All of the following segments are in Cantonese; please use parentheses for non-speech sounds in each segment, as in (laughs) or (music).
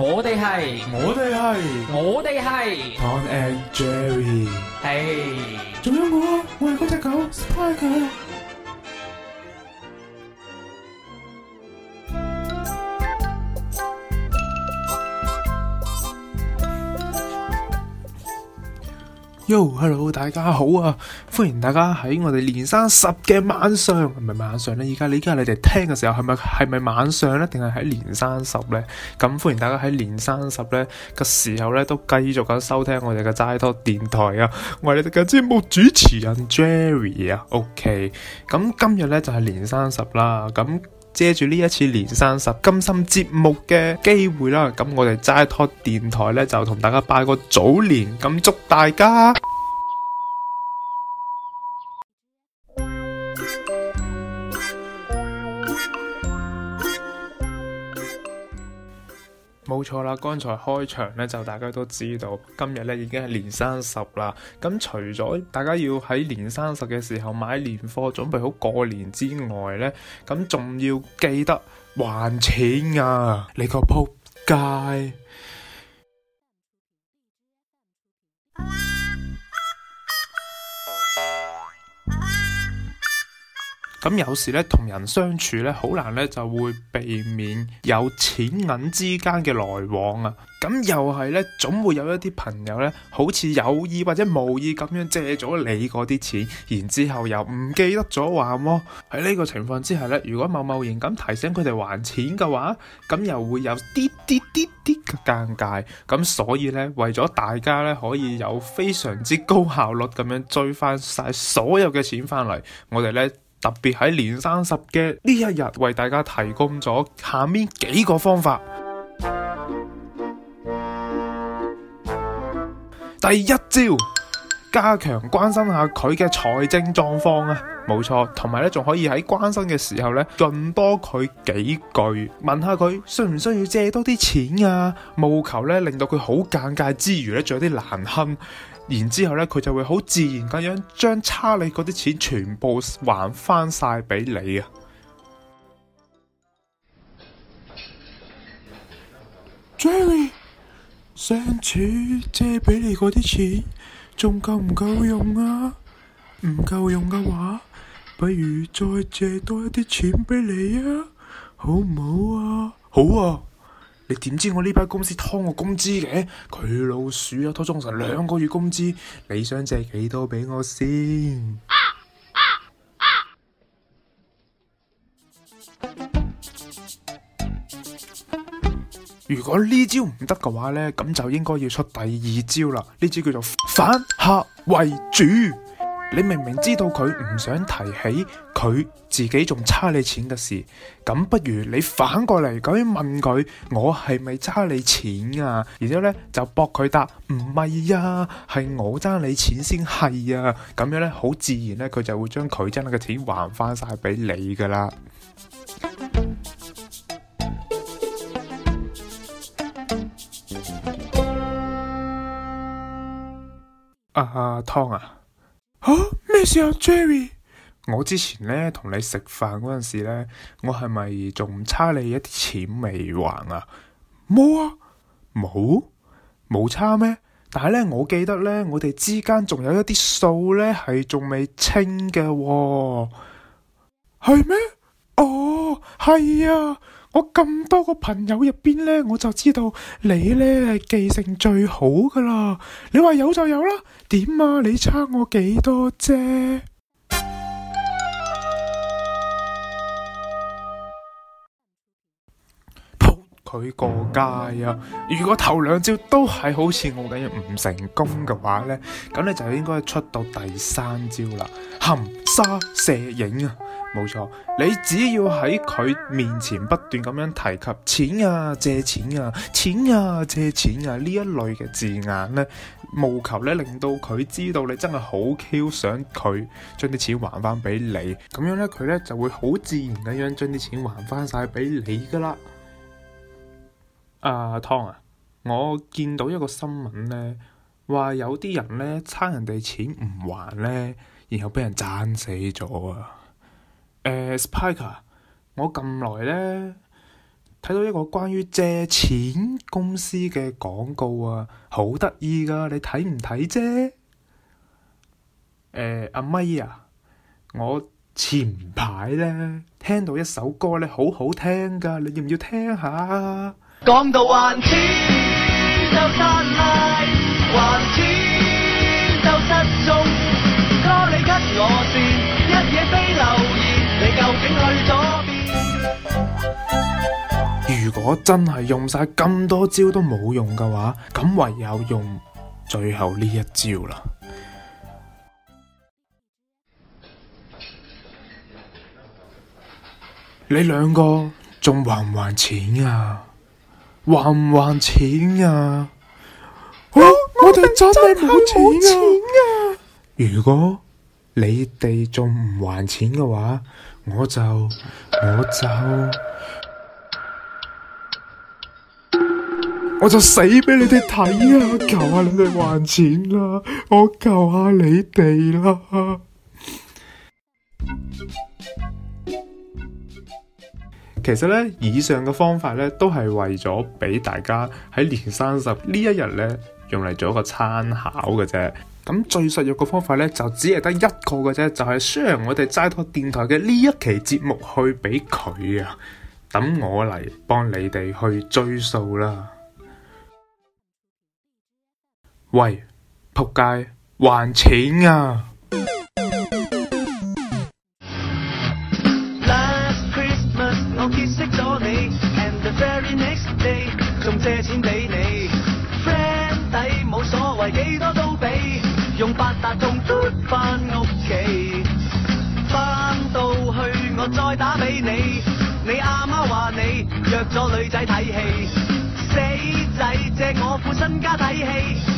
我哋係，我哋係，我哋係。Tom and Jerry，係。仲有我，我係嗰隻狗，Spy 狗。h e l l o 大家好啊！歡迎大家喺我哋年三十嘅晚上，唔係晚上咧，而家你而家你哋聽嘅時候係咪係咪晚上咧，定係喺年三十咧？咁歡迎大家喺年三十咧嘅時候咧，都繼續咁收聽我哋嘅齋托電台啊！我係你哋嘅節目主持人 Jerry 啊，OK，咁今日咧就係、是、年三十啦，咁。借住呢一次年三十金心節目嘅機會啦，咁我哋齋拖電台咧就同大家拜個早年，咁祝大家。冇錯啦，剛才開場咧就大家都知道，今日咧已經係年三十啦。咁除咗大家要喺年三十嘅時候買年貨準備好過年之外呢，咁仲要記得還錢啊！你個扑街！咁有時咧，同人相處咧，好難咧，就會避免有錢銀之間嘅來往啊！咁又係咧，總會有一啲朋友咧，好似有意或者無意咁樣借咗你嗰啲錢，然之後又唔記得咗還喎、哦。喺呢個情況之下咧，如果貿貿然咁提醒佢哋還錢嘅話，咁又會有啲啲啲啲嘅尷尬。咁所以咧，為咗大家咧可以有非常之高效率咁樣追翻晒所有嘅錢翻嚟，我哋咧。特別喺年三十嘅呢一日，為大家提供咗下面幾個方法。第一招，加強關心下佢嘅財政狀況啊，冇錯。同埋咧，仲可以喺關心嘅時候咧，問多佢幾句，問下佢需唔需要借多啲錢啊，務求咧令到佢好尷尬之餘咧，仲有啲難堪。然之後呢，佢就會好自然咁樣將差你嗰啲錢全部還翻晒畀你啊，Jerry，上次借畀你嗰啲錢仲夠唔夠用啊？唔夠用嘅話，不如再借多一啲錢畀你啊，好唔好啊？好啊。你點知我呢班公司拖我工資嘅？佢老鼠啊，拖咗成兩個月工資，你想借幾多俾我先？啊啊啊、如果呢招唔得嘅話咧，咁就應該要出第二招啦。呢招叫做反客為主。你明明知道佢唔想提起佢自己仲差你錢嘅事，咁不如你反過嚟咁樣問佢：我係咪差你錢啊？然之後呢就駁佢答唔係呀，係、啊、我爭你錢先係呀。咁樣呢，好自然呢，佢就會將佢爭你嘅錢還翻晒俾你噶啦。阿、啊啊、湯啊！咩事啊，Jerry？我之前咧同你食飯嗰陣時咧，我係咪仲差你一啲錢未還啊？冇啊，冇冇差咩？但係咧，我記得咧，我哋之間仲有一啲數咧係仲未清嘅喎、哦。係咩？哦，係啊。我咁多個朋友入邊呢，我就知道你呢係記性最好噶啦。你話有就有啦，點啊？你差我幾多啫？扑佢 (noise) 過街啊！如果頭兩招都係好似我咁樣唔成功嘅話呢，咁你就應該出到第三招啦。含沙射影啊！冇錯，你只要喺佢面前不斷咁樣提及錢啊、借錢啊、錢啊、借錢啊呢一類嘅字眼呢，務求咧，令到佢知道你真係好 Q 想佢將啲錢還翻俾你，咁樣呢，佢呢就會好自然咁樣將啲錢還翻晒俾你噶啦。阿湯啊，我見到一個新聞呢，話有啲人呢，差人哋錢唔還呢，然後俾人斬死咗啊！誒，uh，Spiker，我近來呢睇到一個關於借錢公司嘅廣告啊，好得意噶，你睇唔睇啫？誒，阿咪啊，我前排呢聽到一首歌呢，好好聽噶，你要唔要聽下？講到還如果真係用晒咁多招都冇用嘅話，咁唯有用最後呢一招啦。 (noise) 你兩個仲還唔還還錢啊？還唔還錢啊？啊我哋、啊、真係冇錢啊！錢啊 (noise) 如果你哋仲唔還錢嘅話，我就我就。我就死俾你哋睇啊！我求下你哋還錢啦！我求下你哋啦！ (laughs) 其實呢，以上嘅方法呢，都係為咗俾大家喺年三十呢一日呢用嚟做一個參考嘅啫。咁最實用嘅方法呢，就只係得一個嘅啫，就係雖然我哋齋拖電台嘅呢一期節目去俾佢啊，等我嚟幫你哋去追數啦。喂，仆街，還錢啊！Last Christmas，我結識咗你，And the very next day，仲借錢畀你。Friend 底冇所謂，幾多都畀，用八達通嘟返屋企。返到去我再打畀你。你阿媽話你約咗女仔睇戲，死仔，借我副身家睇戲。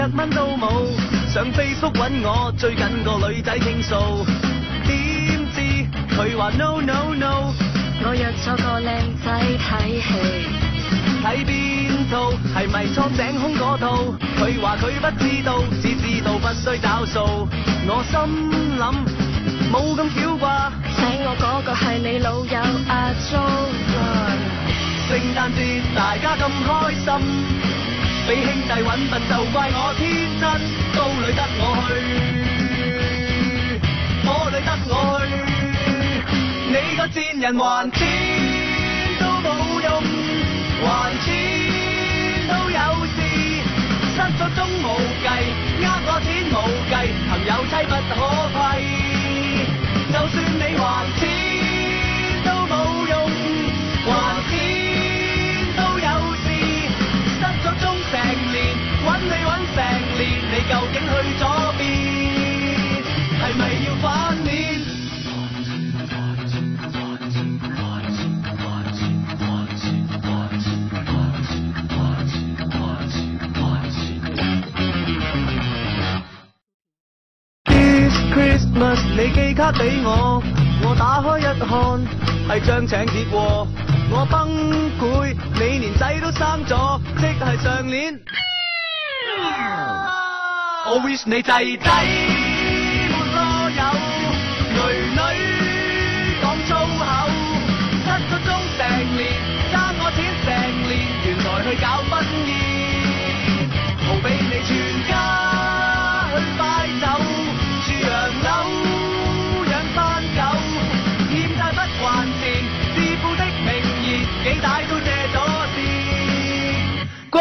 一蚊都冇，上 Facebook 揾我追緊個女仔傾訴，點知佢話 No No No，我約咗個靚仔睇戲，睇邊套？係咪蒼井空嗰套？佢話佢不知道，只知道不需找數。我心諗冇咁巧啩，請我嗰個係你老友阿 John。聖誕節大家咁開心。俾兄弟穩笨就怪我天真，刀裏得我去，火裏得我去。你個賤人還錢都冇用，還錢都有事，失咗蹤無計，呃我錢無計，朋友妻不可棄，就算你還錢。你寄卡俾我，我打開一看，係張請帖。我崩潰，你連仔都生咗，即係上年。我 wish 你弟弟。